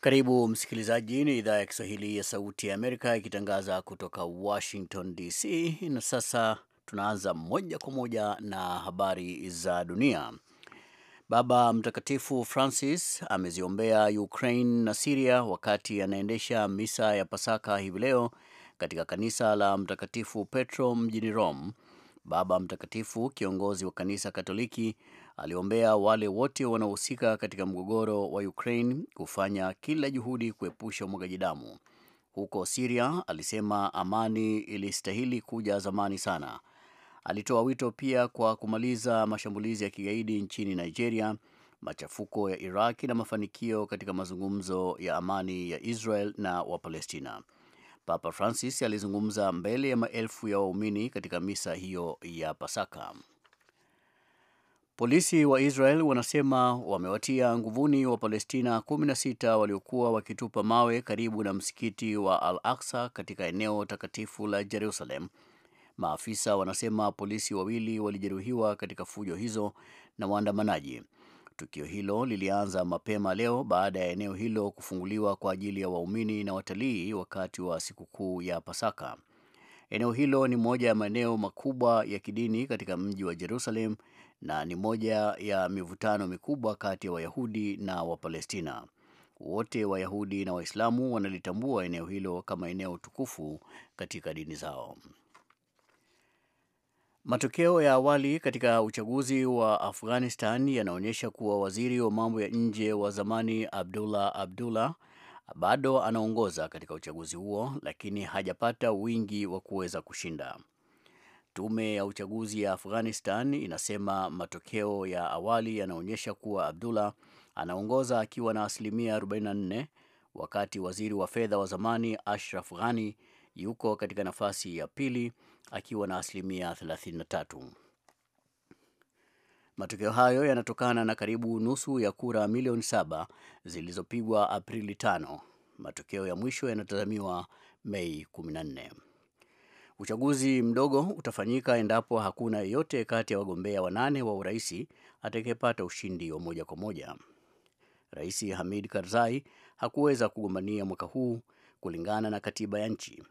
Karibu msikilizaji, ni idhaa ya Kiswahili ya Sauti ya Amerika ikitangaza kutoka Washington DC, na sasa tunaanza moja kwa moja na habari za dunia. Baba Mtakatifu Francis ameziombea Ukraine na Siria wakati anaendesha misa ya Pasaka hivi leo katika kanisa la Mtakatifu Petro mjini Rome. Baba Mtakatifu, kiongozi wa kanisa Katoliki, aliombea wale wote wanaohusika katika mgogoro wa Ukraine kufanya kila juhudi kuepusha umwagaji damu. Huko Siria, alisema amani ilistahili kuja zamani sana. Alitoa wito pia kwa kumaliza mashambulizi ya kigaidi nchini Nigeria, machafuko ya Iraki na mafanikio katika mazungumzo ya amani ya Israel na Wapalestina. Papa Francis alizungumza mbele ya maelfu ya waumini katika misa hiyo ya Pasaka. Polisi wa Israel wanasema wamewatia nguvuni wa Palestina 16 waliokuwa wakitupa mawe karibu na msikiti wa al aksa katika eneo takatifu la Jerusalem. Maafisa wanasema polisi wawili walijeruhiwa katika fujo hizo na waandamanaji. Tukio hilo lilianza mapema leo baada ya eneo hilo kufunguliwa kwa ajili ya waumini na watalii wakati wa sikukuu ya Pasaka. Eneo hilo ni moja ya maeneo makubwa ya kidini katika mji wa Jerusalem na ni moja ya mivutano mikubwa kati ya Wayahudi na Wapalestina. Wote Wayahudi na Waislamu wanalitambua eneo hilo kama eneo tukufu katika dini zao. Matokeo ya awali katika uchaguzi wa Afghanistan yanaonyesha kuwa waziri wa mambo ya nje wa zamani Abdullah Abdullah bado anaongoza katika uchaguzi huo, lakini hajapata wingi wa kuweza kushinda. Tume ya uchaguzi ya Afghanistan inasema matokeo ya awali yanaonyesha kuwa Abdullah anaongoza akiwa na asilimia 44, wakati waziri wa fedha wa zamani Ashraf Ghani yuko katika nafasi ya pili akiwa na asilimia 33. Matokeo hayo yanatokana na karibu nusu ya kura milioni saba zilizopigwa Aprili 5. Matokeo ya mwisho yanatazamiwa Mei 14. Uchaguzi mdogo utafanyika endapo hakuna yeyote kati ya wagombea wanane wa uraisi atakayepata ushindi wa moja kwa moja. Rais Hamid Karzai hakuweza kugombania mwaka huu kulingana na katiba ya nchi.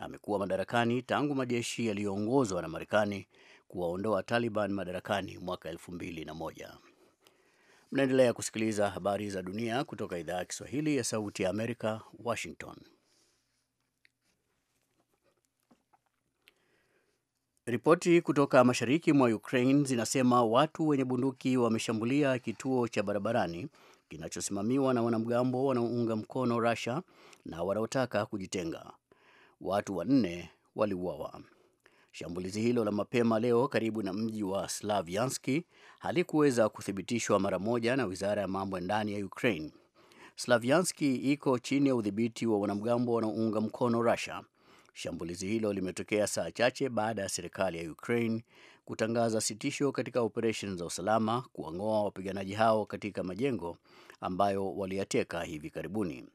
Amekuwa madarakani tangu majeshi yaliyoongozwa na Marekani kuwaondoa Taliban madarakani mwaka elfu mbili na moja. Mnaendelea kusikiliza habari za dunia kutoka idhaa ya Kiswahili ya Sauti ya Amerika, Washington. Ripoti kutoka mashariki mwa Ukraine zinasema watu wenye bunduki wameshambulia kituo cha barabarani kinachosimamiwa na wanamgambo wanaounga mkono Russia na wanaotaka kujitenga. Watu wanne waliuawa. Shambulizi hilo la mapema leo karibu na mji wa Slavianski halikuweza kuthibitishwa mara moja na wizara ya mambo ya ndani ya Ukraine. Slavianski iko chini ya udhibiti wa wanamgambo wanaounga mkono Russia Shambulizi hilo limetokea saa chache baada ya serikali ya Ukraine kutangaza sitisho katika operesheni za usalama kuwang'oa wapiganaji hao katika majengo ambayo waliyateka hivi karibuni.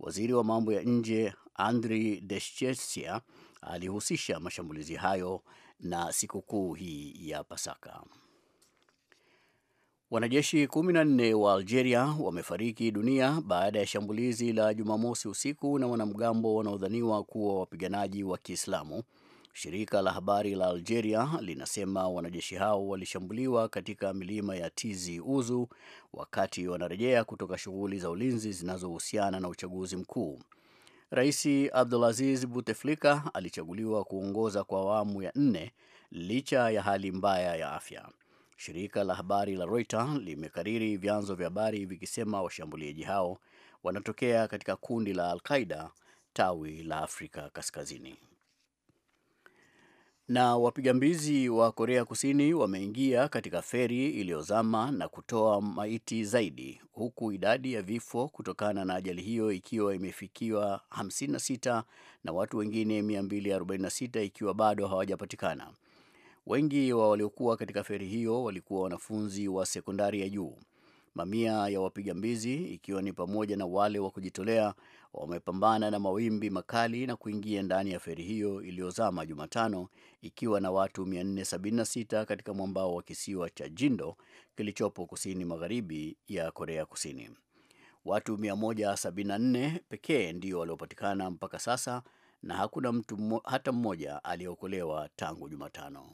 Waziri wa mambo ya nje Andriy Deshchesia alihusisha mashambulizi hayo na sikukuu hii ya Pasaka. Wanajeshi 14 wa Algeria wamefariki dunia baada ya shambulizi la Jumamosi usiku na wanamgambo wanaodhaniwa kuwa wapiganaji wa Kiislamu. Shirika la habari la Algeria linasema wanajeshi hao walishambuliwa katika milima ya Tizi uzu wakati wanarejea kutoka shughuli za ulinzi zinazohusiana na uchaguzi mkuu. Rais Abdulaziz Buteflika alichaguliwa kuongoza kwa awamu ya nne licha ya hali mbaya ya afya. Shirika la habari la Reuters limekariri vyanzo vya habari vikisema washambuliaji hao wanatokea katika kundi la Al-Qaida tawi la Afrika Kaskazini. Na wapiga mbizi wa Korea Kusini wameingia katika feri iliyozama na kutoa maiti zaidi, huku idadi ya vifo kutokana na ajali hiyo ikiwa imefikiwa 56 na watu wengine 246 ikiwa bado hawajapatikana. Wengi wa waliokuwa katika feri hiyo walikuwa wanafunzi wa sekondari ya juu. Mamia ya wapiga mbizi, ikiwa ni pamoja na wale wa kujitolea, wamepambana na mawimbi makali na kuingia ndani ya feri hiyo iliyozama Jumatano ikiwa na watu 476 katika mwambao wa kisiwa cha Jindo kilichopo kusini magharibi ya Korea Kusini. Watu 174 pekee ndio waliopatikana mpaka sasa na hakuna mtu hata mmoja aliyeokolewa tangu Jumatano.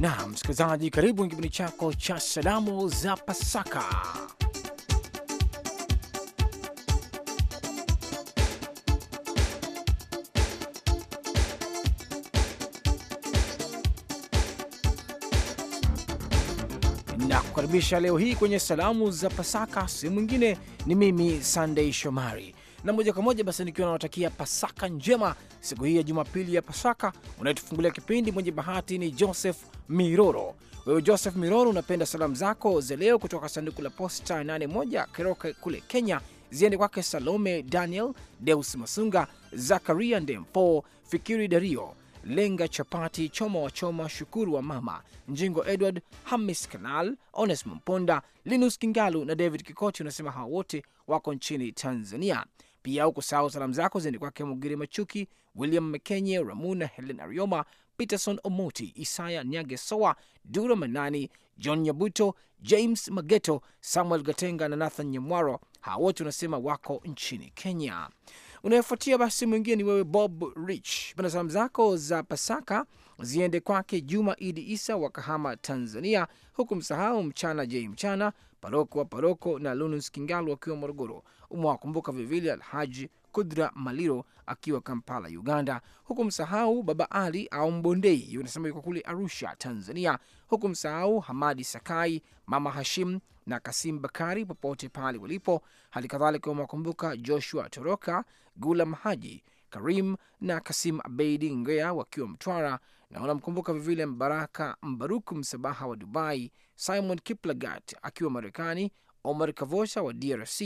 na msikilizaji, karibu ni kipindi chako cha salamu za Pasaka. na kukaribisha leo hii kwenye salamu za Pasaka. Sehemu mwingine ni mimi Sandei Shomari na moja kwa moja basi nikiwa nawatakia Pasaka njema siku hii ya Jumapili ya Pasaka. Unayetufungulia kipindi mwenye bahati ni Joseph Miroro. Wewe Joseph Miroro, unapenda salamu zako za leo kutoka sanduku la posta 81 Keroke kule Kenya ziende kwake Salome Daniel, Deus Masunga, Zakaria Ndempo, Fikiri Dario Lenga Chapati, Choma wa Choma, Shukuru wa Mama Njingo, Edward Hamis Kanal, ones Mponda, Linus Kingalu na David Kikoti. Unasema hawa wote wako nchini Tanzania. Pia ukusahau salamu zako ziende kwake Mugiri Machuki, William Mekenye, Ramuna Helen Arioma, Peterson Omoti, Isaya Nyagesoa, Dura Manani, John Nyabuto, James Mageto, Samuel Gatenga na Nathan Nyamwaro. Hawa wote unasema wako nchini Kenya. Unayefuatia basi mwingine ni wewe Bob Rich pana Salamu zako za Pasaka ziende kwake Juma Idi Isa wa Kahama, Tanzania, huku msahau Mchana J Mchana, Paroko wa Paroko na Lunus Kingalu wakiwa Morogoro umewakumbuka vilevile Alhaji Kudra Maliro akiwa Kampala, Uganda, huku msahau Baba Ali au Mbondei, unasema yuko kule Arusha, Tanzania, huku msahau Hamadi Sakai, Mama Hashim na Kasim Bakari popote pale walipo. Hali kadhalika umewakumbuka Joshua Toroka, Gulam Haji, Karim na Kasim Abeidi Ngea wakiwa Mtwara, na unamkumbuka vivile Mbaraka Mbaruku Msabaha wa Dubai, Simon Kiplagat akiwa Marekani, Omar Kavosha wa DRC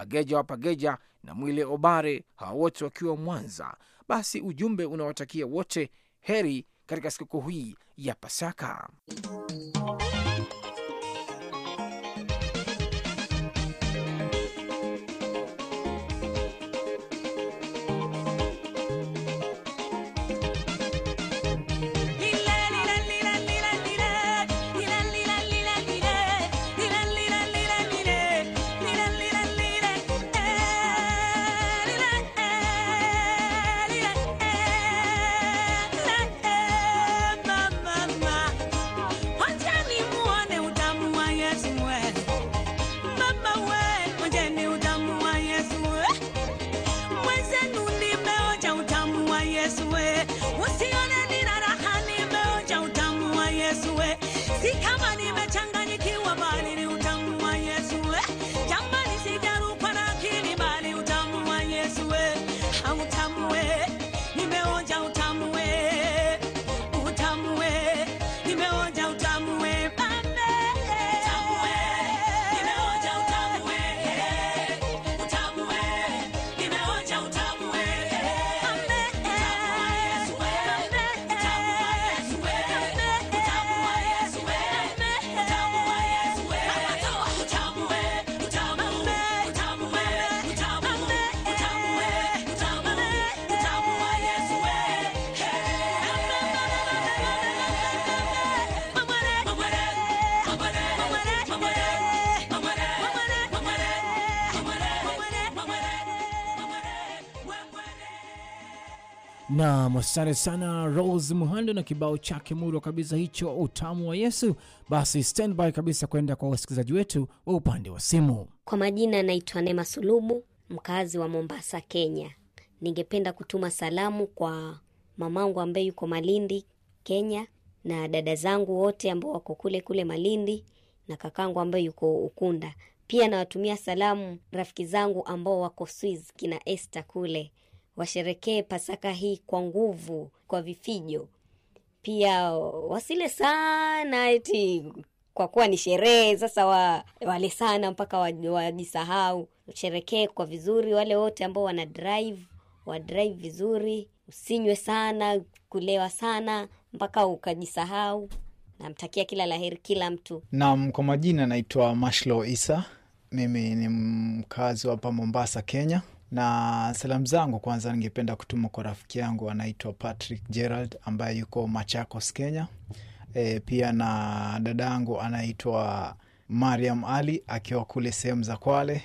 Pageja wa Pageja na Mwile Obare, hawa wote wakiwa Mwanza. Basi ujumbe unawatakia wote heri katika sikukuu hii ya Pasaka. Nam, asante sana Rose Muhando na kibao chake murwa kabisa hicho, utamu wa Yesu. Basi standby kabisa kwenda kwa wasikilizaji wetu wa upande wa simu. Kwa majina naitwa Neema Sulubu, mkazi wa Mombasa, Kenya. Ningependa kutuma salamu kwa mamangu ambaye yuko Malindi, Kenya, na dada zangu wote ambao wako kule kule Malindi na kakangu ambaye yuko Ukunda. Pia nawatumia salamu rafiki zangu ambao wako Swiss, kina Esther kule washerekee Pasaka hii kwa nguvu, kwa vifijo. Pia wasile sana eti kwa kuwa ni sherehe sasa, wa, wale sana mpaka wajisahau. Sherekee kwa vizuri, wale wote ambao wana drive wa drive vizuri, usinywe sana, kulewa sana mpaka ukajisahau. Namtakia kila laheri kila mtu. nam kwa majina naitwa Mashlo Isa, mimi ni mkazi wa hapa Mombasa, Kenya na salamu zangu kwanza ningependa kutuma kwa rafiki yangu anaitwa Patrick Gerald ambaye yuko Machakos, Kenya. E, pia na dada yangu anaitwa Mariam Ali akiwa kule sehemu za Kwale,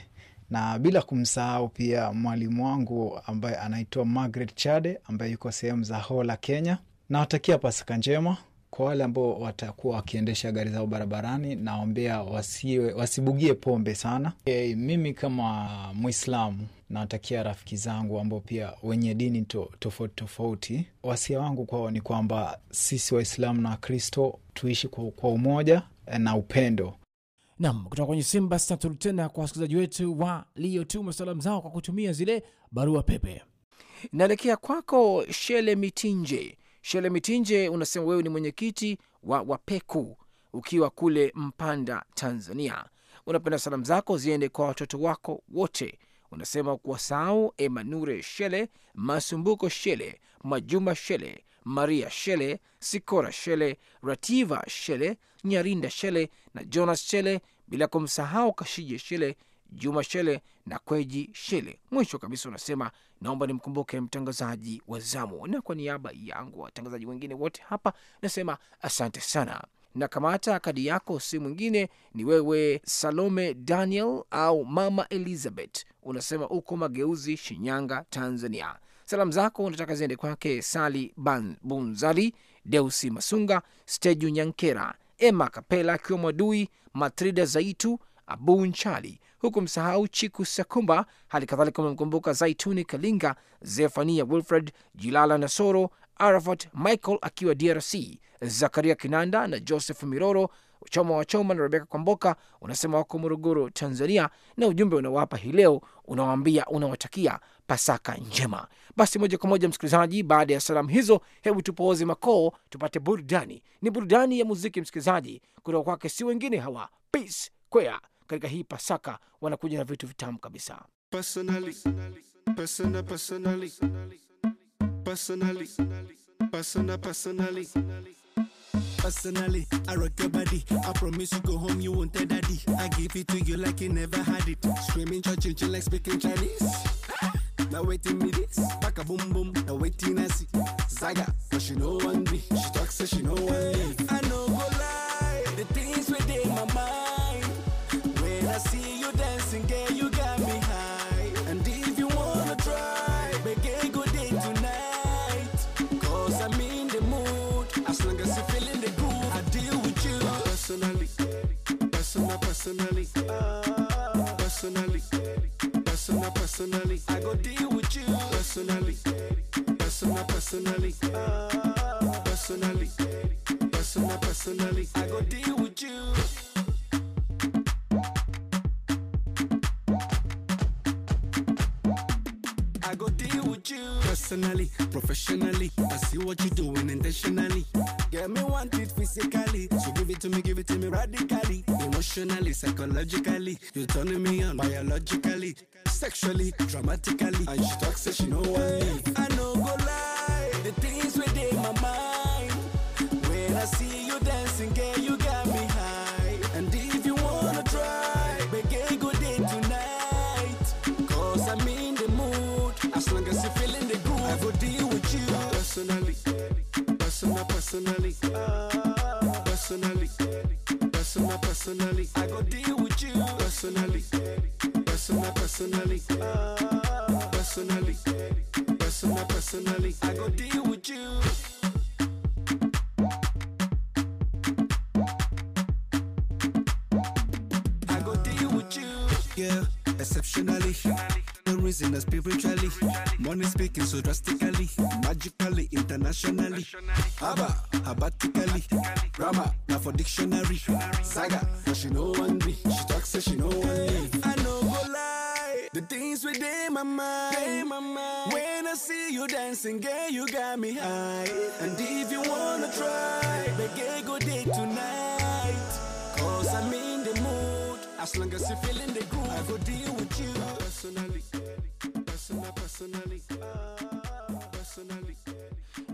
na bila kumsahau pia mwalimu wangu ambaye anaitwa magret Chade ambaye yuko sehemu za Hola, Kenya. Nawatakia Pasaka njema kwa wale ambao watakuwa wakiendesha gari zao barabarani, naombea wasiwe, wasibugie pombe sana. E, mimi kama muislamu nawatakia rafiki zangu ambao pia wenye dini to, tofauti tofauti. Wasia wangu kwao ni kwamba sisi Waislamu na Wakristo tuishi kwa, kwa umoja eh, na upendo. Nam kutoka kwenye simu basi, naturudi tena kwa wasikilizaji wetu waliotuma salamu zao kwa kutumia zile barua pepe. Naelekea kwako Shele Mitinje Shelemitinje, unasema wewe ni mwenyekiti wa Wapeku ukiwa kule Mpanda, Tanzania. Unapenda salamu zako ziende kwa watoto wako wote, unasema kuwasahau Emanure Shele, Masumbuko Shele, Majuma Shele, Maria Shele, Sikora Shele, Rativa Shele, Nyarinda Shele na Jonas Shele, bila kumsahau Kashije Shele Juma Shele na Kweji Shele. Mwisho kabisa unasema naomba nimkumbuke mtangazaji wa zamu, na kwa niaba yangu watangazaji wengine wote hapa nasema asante sana. Na kamata kadi yako, si mwingine ni wewe Salome Daniel au Mama Elizabeth, unasema uko Mageuzi, Shinyanga, Tanzania. Salamu zako unataka ziende kwake Sali Bunzali, Deusi Masunga, Steju Nyankera, Emma Kapela akiwa Mwadui, Matrida Zaitu, Abu Nchali huku msahau Chiku Sakumba. Hali kadhalika umemkumbuka Zaituni Kalinga, Zefania Wilfred, Jilala Nasoro, Arafat Michael akiwa DRC, Zakaria Kinanda na Joseph Miroro. Choma wa Choma na Rebeka Kwamboka unasema wako Morogoro, Tanzania, na ujumbe unawapa hii leo unawaambia unawatakia Pasaka njema. Basi moja kwa moja, msikilizaji, baada ya salamu hizo, hebu tupooze makoo tupate burudani. Ni burudani ya muziki, msikilizaji, kutoka kwake si wengine hawa Peace Kwea katika hii Pasaka wanakuja na vitu vitamu kabisa. Personally, personally, personally, personally, personally, I rock your body. I promise you go home, you won't tell daddy. I give it to you like you never had it. Screaming, churching, like speaking Chinese. Now waiting me this, back a boom boom. Now waiting I see Zaga, but she know one me. She talks, so she know one me. I know go lie. I see you dancing, girl, you got me high. And if you wanna try, make a good day tonight. Cause I'm in the mood, as long as you feel it. psychologically. You're turning me on biologically, sexually, dramatically. And she talks, say she know I I know go lie, the things within my mind. When I see you dancing, girl, you got me high. And if you wanna try, we can go day tonight. Cause I'm in the mood, as long as you're feeling the groove. I go deep.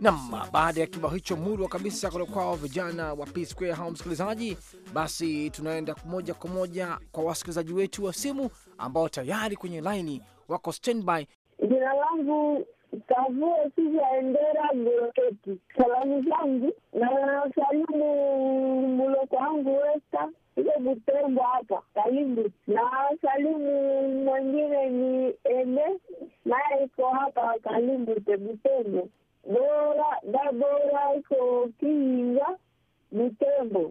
Nam, baada ya kibao hicho murwa kabisa kutoka kwao vijana wa P Square hao, msikilizaji, basi tunaenda moja kwa moja kwa wasikilizaji wetu wa simu ambao tayari kwenye laini wako standby. Jina langu Kavua Siza Endera Goroketi. Salamu zangu na nawasalimu Muloko wangu Westa iko Butembo hapa karibu, na wasalimu mwengine ni Ene naye iko hapa karibu Tebutembo bora da bora iko kinga mitembo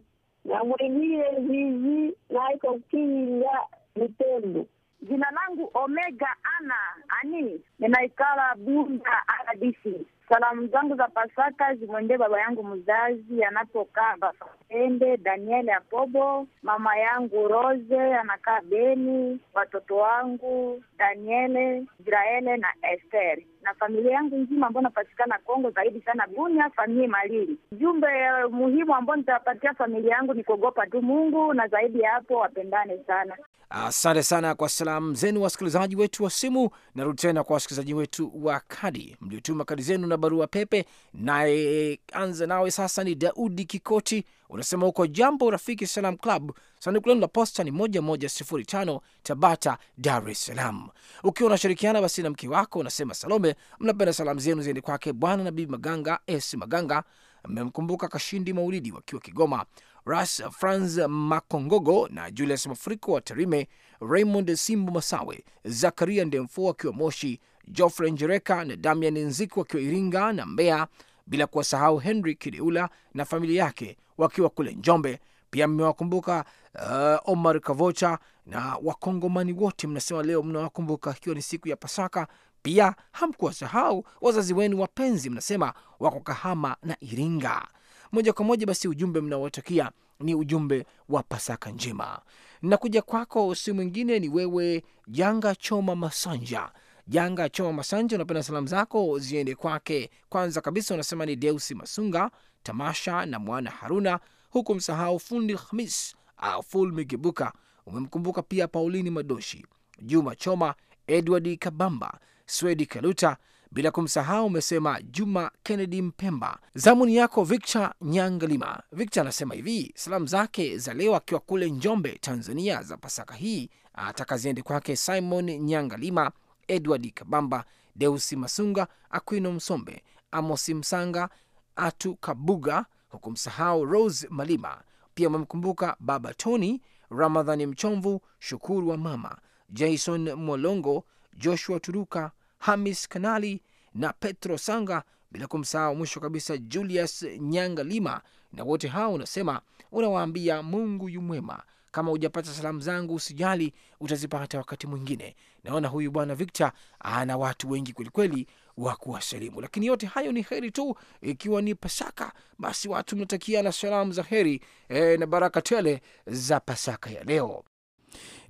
na mwengie na naiko kinga mitembo. Jina langu Omega Ana Ani, ninaikala Bunda Aradisi. Salamu zangu za Pasaka zimwendee baba yangu mzazi anapokaa Bafende, Daniel Apobo, mama yangu Rose anakaa Beni, watoto wangu Daniele, Israele na ester na familia yangu nzima ambayo napatikana Kongo, zaidi sana Bunya, famie Malili. Jumbe eh, muhimu ambao nitapatia familia yangu ni kuogopa tu Mungu, na zaidi ya hapo wapendane sana. Asante sana kwa salamu zenu, wasikilizaji wetu wa simu. Narudi tena kwa wasikilizaji wetu wa kadi mliotuma kadi zenu na barua pepe. Naye anze nawe sasa ni Daudi Kikoti, unasema huko jambo rafiki Salam Club, sanduku lenu la posta ni moja moja sifuri tano Tabata, Dar es Salaam. Ukiwa unashirikiana basi na mke wako, unasema Salome, mnapenda salamu zenu ziende kwake bwana na bibi Maganga es Maganga, mmemkumbuka Kashindi Maulidi wakiwa Kigoma, Ras Franz Makongogo na Julius Mafuriko wa Tarime, Raymond Simbo Masawe, Zakaria Ndemfo akiwa Moshi, Geoffrey Njereka na Damian Nziku wakiwa Iringa na Mbeya, bila kuwasahau Henry Kideula na familia yake wakiwa kule Njombe. Pia mmewakumbuka uh, Omar Kavocha na Wakongomani wote, mnasema leo mnawakumbuka ikiwa ni siku ya Pasaka. Pia hamkuwasahau wazazi wenu wapenzi, mnasema wako Kahama na Iringa. Moja kwa moja basi, ujumbe mnaowatakia ni ujumbe wa Pasaka njema. Nakuja kwako, si mwingine ni wewe Janga Choma Masanja Janga Choma Masanja, unapenda salamu zako ziende kwake. Kwanza kabisa unasema ni Deusi Masunga, Tamasha na Mwana Haruna, huku msahau Fundi Hamis Aful Migibuka. Umemkumbuka pia Paulini Madoshi, Juma Choma, Edward Kabamba, Swedi Kaluta, bila kumsahau umesema Juma Kennedy Mpemba. Zamuni yako Victor Nyangalima. Victor anasema hivi, salamu zake za leo akiwa kule Njombe, Tanzania, za Pasaka hii atakaziende kwake Simon Nyangalima Edward Kabamba, Deusi Masunga, Aquino Msombe, Amosi Msanga, Atu Kabuga, huku msahau Rose Malima. Pia amemkumbuka Baba Tony, Ramadhani Mchomvu, Shukuru wa Mama, Jason Molongo, Joshua Turuka, Hamis Kanali na Petro Sanga, bila kumsahau mwisho kabisa Julius Nyanga Lima. Na wote hao unasema unawaambia Mungu yu mwema. Kama hujapata salamu zangu usijali, utazipata wakati mwingine. Naona huyu bwana Victor ana watu wengi kwelikweli wa kuwasalimu, lakini yote hayo ni heri tu. Ikiwa ni Pasaka, basi watu mnatakia na salamu za heri e, na baraka tele za Pasaka ya leo.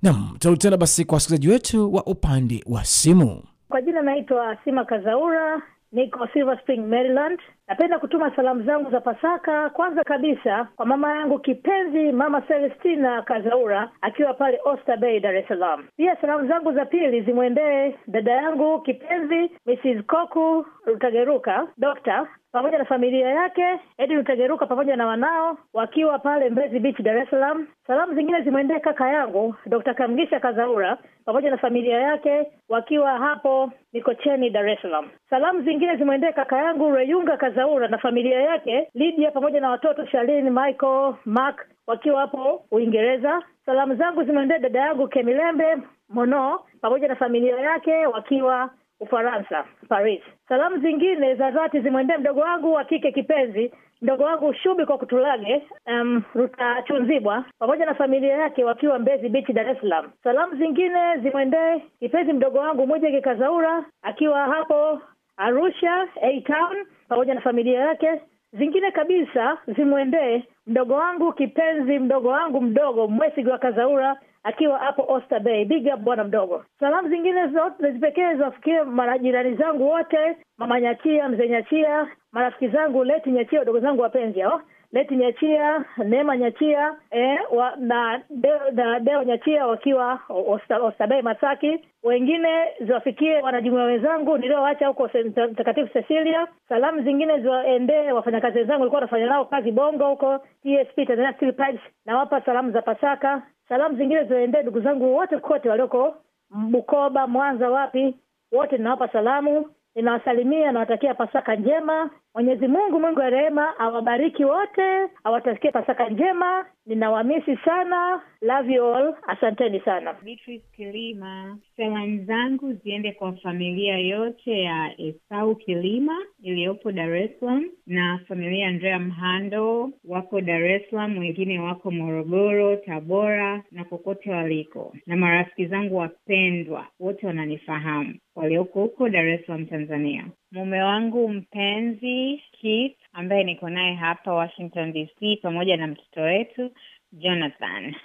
Nam tena basi kwa wasikilizaji wetu wa upande wa simu. Kwa jina naitwa Sima Kazaura, niko Silver Spring, Maryland. Napenda kutuma salamu zangu za Pasaka kwanza kabisa kwa mama yangu kipenzi, mama Celestina Kazaura akiwa pale Oyster Bay, Dar es Salaam. Pia salamu zangu za pili zimwendee dada yangu kipenzi Mrs. Koku Rutageruka, Dokta pamoja na familia yake Edwin Tegeruka pamoja na wanao wakiwa pale Mbezi Beach, Dar es Salaam. Salamu zingine zimwendee kaka yangu Dr. Kamgisha Kazaura pamoja na familia yake wakiwa hapo Mikocheni, Dar es Salaam. Salamu zingine zimwendee kaka yangu Reyunga Kazaura na familia yake Lydia pamoja na watoto shalin Michael, Mark wakiwa hapo Uingereza. Salamu zangu zimwendee dada yangu Kemilembe Mono pamoja na familia yake wakiwa Ufaransa, Paris. Salamu zingine za dhati zimwendee mdogo wangu wa kike kipenzi, mdogo wangu Shubi kwa Kutulage um, Rutachunzibwa pamoja na familia yake wakiwa Mbezi Beach, Dar es Salaam. Salamu zingine zimwendee kipenzi mdogo wangu Mweje Kikazaura akiwa hapo Arusha A Town pamoja na familia yake. Zingine kabisa zimwendee mdogo wangu kipenzi, mdogo wangu mdogo Mwesigi wa Kazaura akiwa hapo Oyster Bay. Big up bwana mdogo. Salamu zingine zote zipekee ziwafikie majirani zangu wote, mama Nyachia, mzee Nyachia, marafiki zangu leti Nyachia, wadogo zangu wapenzi hao Leti Nyachia, Neema Nyachia eh, wa, na Deo, na Deo Nyachia wakiwa Oysterbay Masaki. Wengine ziwafikie wanajumuia wenzangu nilioacha huko Mtakatifu Cecilia. Salamu zingine ziwaendee wafanyakazi wenzangu walikuwa wanafanya nao kazi Bongo huko TSP Tanzania Steel Pipes, nawapa salamu za Pasaka. Salamu zingine ziwaendee ndugu zangu wote kote walioko Bukoba, Mwanza, wapi wote ninawapa salamu, ninawasalimia, nawatakia Pasaka njema Mwenyezi Mungu mwingi wa rehema awabariki wote, awatakie Pasaka njema. Ninawamisi sana, love you all, asanteni sana. Beatrice Kilima, salamu zangu ziende kwa familia yote ya Esau Kilima iliyopo Dar es Salaam na familia Andrea Mhando wako Dar es Salaam, wengine wako Morogoro, Tabora na kokote waliko, na marafiki zangu wapendwa wote wananifahamu walioko huko Dar es Salaam, Tanzania mume wangu mpenzi Keith ambaye niko naye hapa Washington DC, pamoja na mtoto wetu Jonathan.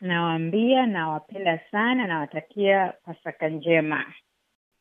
Nawaambia nawapenda sana, nawatakia Pasaka njema.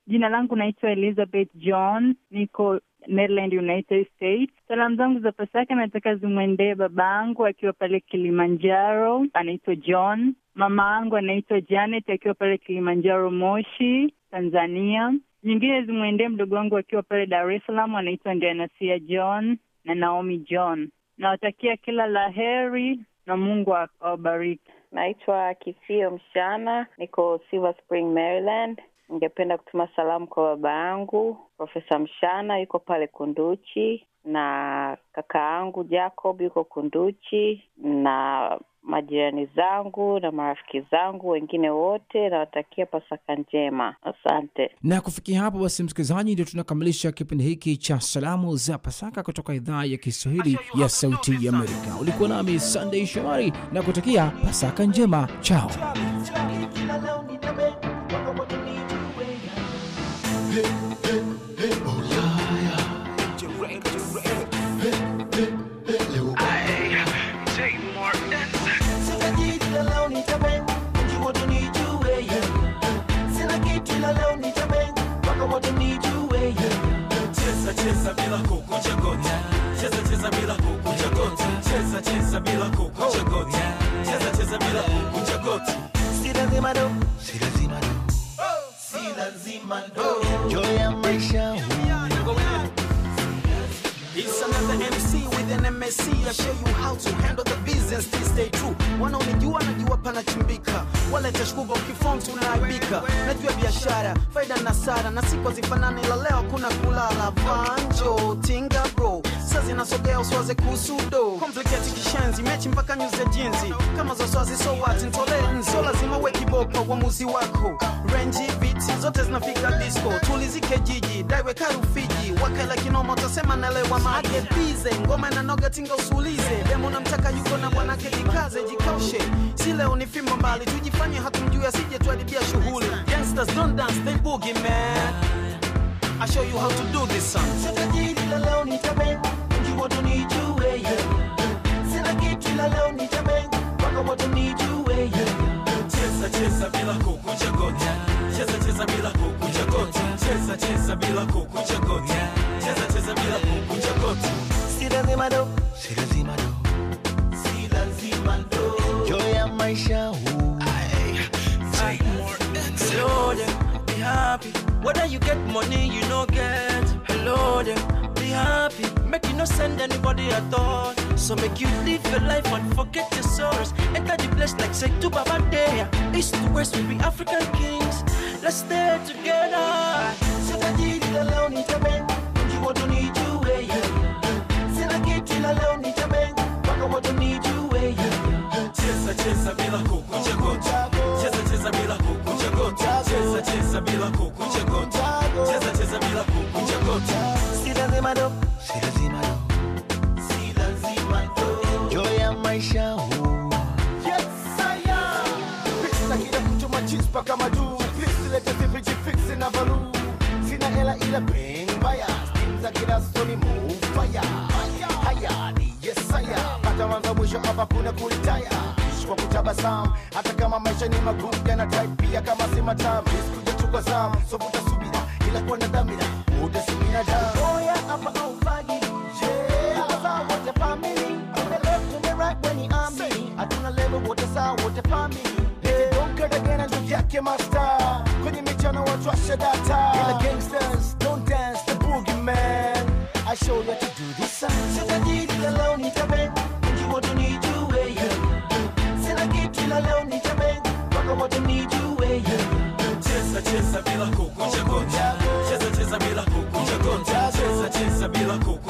Jina langu naitwa Elizabeth John, niko Maryland, United States. Salamu zangu za Pasaka nataka zimwendee babangu akiwa pale Kilimanjaro, anaitwa John. Mama angu anaitwa Janet akiwa pale Kilimanjaro, Moshi, Tanzania nyingine zimwendee mdogo wangu akiwa pale Dar es Salaam, anaitwa Ndianasia John na Naomi John. Nawatakia kila la heri na Mungu awabariki. Naitwa kisio Mshana, niko Silver Spring, Maryland. Ningependa kutuma salamu kwa baba yangu Profesa Mshana, yuko pale Kunduchi, na kaka yangu Jacob yuko Kunduchi, na majirani zangu na marafiki zangu wengine wote, nawatakia Pasaka njema. Asante. Na kufikia hapo basi, msikilizaji, ndio tunakamilisha kipindi hiki cha salamu za Pasaka kutoka idhaa ya Kiswahili ya Sauti ya Amerika. Ulikuwa nami sandey Shomari na kutakia Pasaka njema. Chao. cheza bila kukunja goti, cheza cheza bila kukunja goti, cheza cheza bila kukunja goti, cheza cheza bila kukunja goti. Si lazima do, si lazima do, si lazima do, joy ya maisha. It's another MC than MSC. I show you how to handle the business, still stay true. Wanaonijua najua panachimbika, wala tashkuba ukiform Najua biashara faida na sara, na siku hazifanani, la leo kuna kulala. Banjo tinga bro Saa zinasogea uswaze kuhusu do komplikati kishenzi mechi mpaka nyuzi ya jinzi kama za swazi so what intolerance lazima uwe kiboko wako renji viti zote zinafika disco tulizike jiji daiwe karufiji wakala tasema nalewa maage ngoma na noga tinga usulize demo na mtaka yuko na bwanake jikaze jikaushe si leo ni fimbo mbali tujifanye hatumjui asije tuadibia shughuli gangsters don't dance they boogie man I will show you how to do this song. Si si si Joy take more be happy. Whether you get money, you no get. Hello there, be happy. Make you no send anybody at all. So make you live your life and forget your sorrows. Enter the place like say to Baba there. East to west we be African kings. Let's stay together. So that you alone it a You want to need you way. Eh, so that you alone it a Baka want to need you way. Eh, cheza cheza bila kukucha kucha. Cheza cheza bila kukucha. Cheza cheza bila kukunja goti. Cheza cheza bila kukunja goti. Si lazima do, si lazima do. Si lazima do. Enjoy maisha huu. Yes, saya. Pesa kila kuchoma chips paka madu. Please let us be fix na value. Sina hela ila bang baya. Stimza kila story move fire. Haya ni yes saya. Pata mwanzo mwisho hapa kuna kulitaya. kwa kutabasamu, hata kama maisha ni magumu, yanataipi pia kama si matamu. Sikujachuka zamu, so vuta subira, ila kuwa na dhamira, muda si binadamu. Oya hapa au fagi, yeah. Tuko sawa wote family, on the left and you are me. Hatuna level masta kwenye michano watu washa data, ila gangsters don't dance the boogeyman. I show you how to do this. Sasa jiji la leo nitabeba, ndio watu nijue yeah. Nibaki kila bila kukunja kunja, cheza cheza bila kukunja kunja, cheza cheza bila kukunja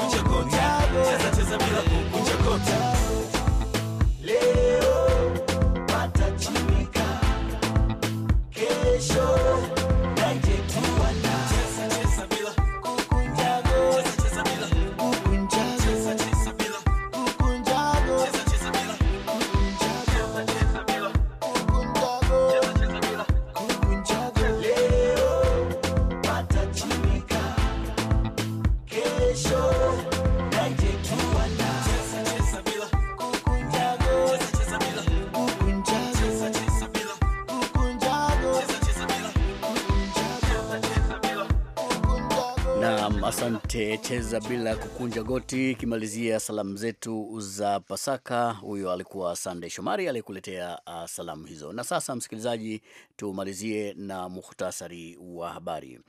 Cheza bila kukunja goti. Kimalizia salamu zetu za Pasaka, huyo alikuwa Sandey Shomari aliyekuletea uh, salamu hizo. Na sasa, msikilizaji, tumalizie na muhtasari wa habari.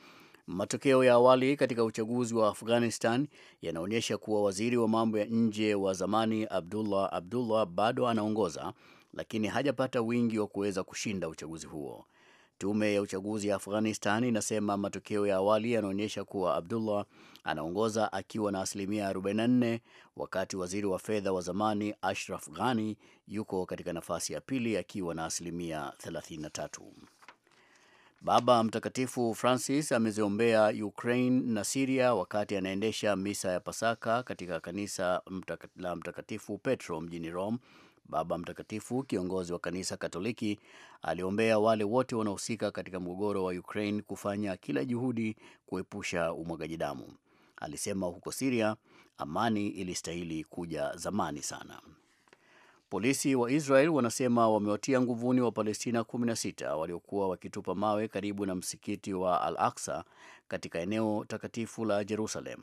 Matokeo ya awali katika uchaguzi wa Afghanistan yanaonyesha kuwa waziri wa mambo ya nje wa zamani Abdullah Abdullah bado anaongoza, lakini hajapata wingi wa kuweza kushinda uchaguzi huo. Tume ya uchaguzi ya Afghanistan inasema matokeo ya awali yanaonyesha kuwa Abdullah anaongoza akiwa na asilimia 44, wakati waziri wa fedha wa zamani Ashraf Ghani yuko katika nafasi ya pili akiwa na asilimia 33. Baba Mtakatifu Francis ameziombea Ukraine na Siria wakati anaendesha misa ya Pasaka katika kanisa la Mtakatifu Petro mjini Rome Baba Mtakatifu, kiongozi wa kanisa Katoliki, aliombea wale wote wanaohusika katika mgogoro wa Ukraine kufanya kila juhudi kuepusha umwagaji damu. Alisema huko Siria amani ilistahili kuja zamani sana. Polisi wa Israel wanasema wamewatia nguvuni wa Palestina 16 waliokuwa wakitupa mawe karibu na msikiti wa Al Aksa katika eneo takatifu la Jerusalem.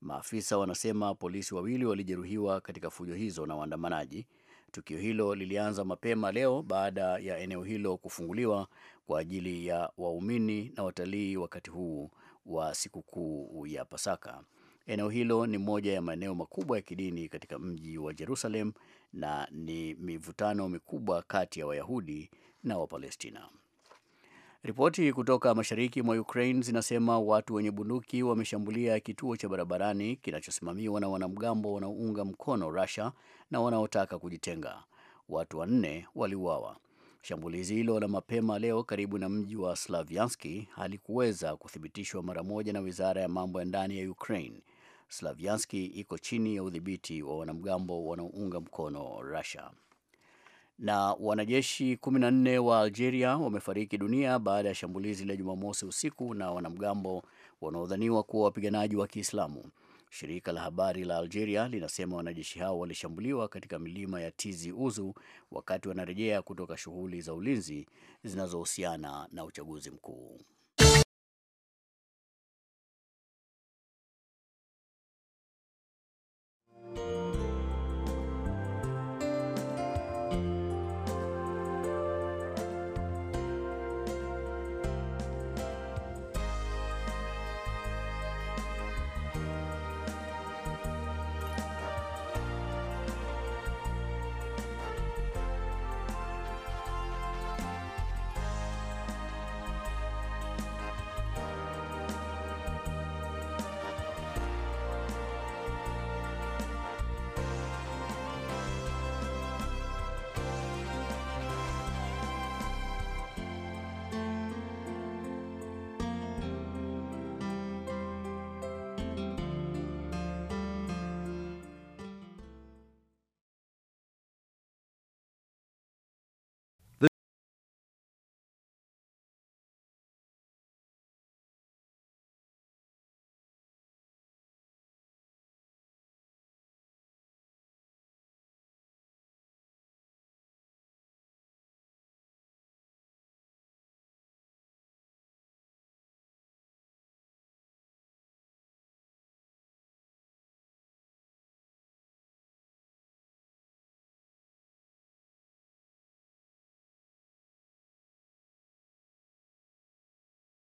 Maafisa wanasema polisi wawili walijeruhiwa katika fujo hizo na waandamanaji Tukio hilo lilianza mapema leo baada ya eneo hilo kufunguliwa kwa ajili ya waumini na watalii wakati huu wa sikukuu ya Pasaka. Eneo hilo ni moja ya maeneo makubwa ya kidini katika mji wa Jerusalem na ni mivutano mikubwa kati ya Wayahudi na Wapalestina. Ripoti kutoka mashariki mwa Ukraine zinasema watu wenye bunduki wameshambulia kituo cha barabarani kinachosimamiwa na wanamgambo wanaounga mkono Russia na wanaotaka kujitenga. Watu wanne waliuawa. Shambulizi hilo la mapema leo karibu na mji wa Slavianski halikuweza kuthibitishwa mara moja na wizara ya mambo ya ndani ya Ukraine. Slavianski iko chini ya udhibiti wa wanamgambo wanaounga mkono Russia na wanajeshi 14 wa Algeria wamefariki dunia baada ya shambulizi la Jumamosi usiku na wanamgambo wanaodhaniwa kuwa wapiganaji wa Kiislamu. Shirika la habari la Algeria linasema wanajeshi hao walishambuliwa katika milima ya Tizi uzu wakati wanarejea kutoka shughuli za ulinzi zinazohusiana na uchaguzi mkuu.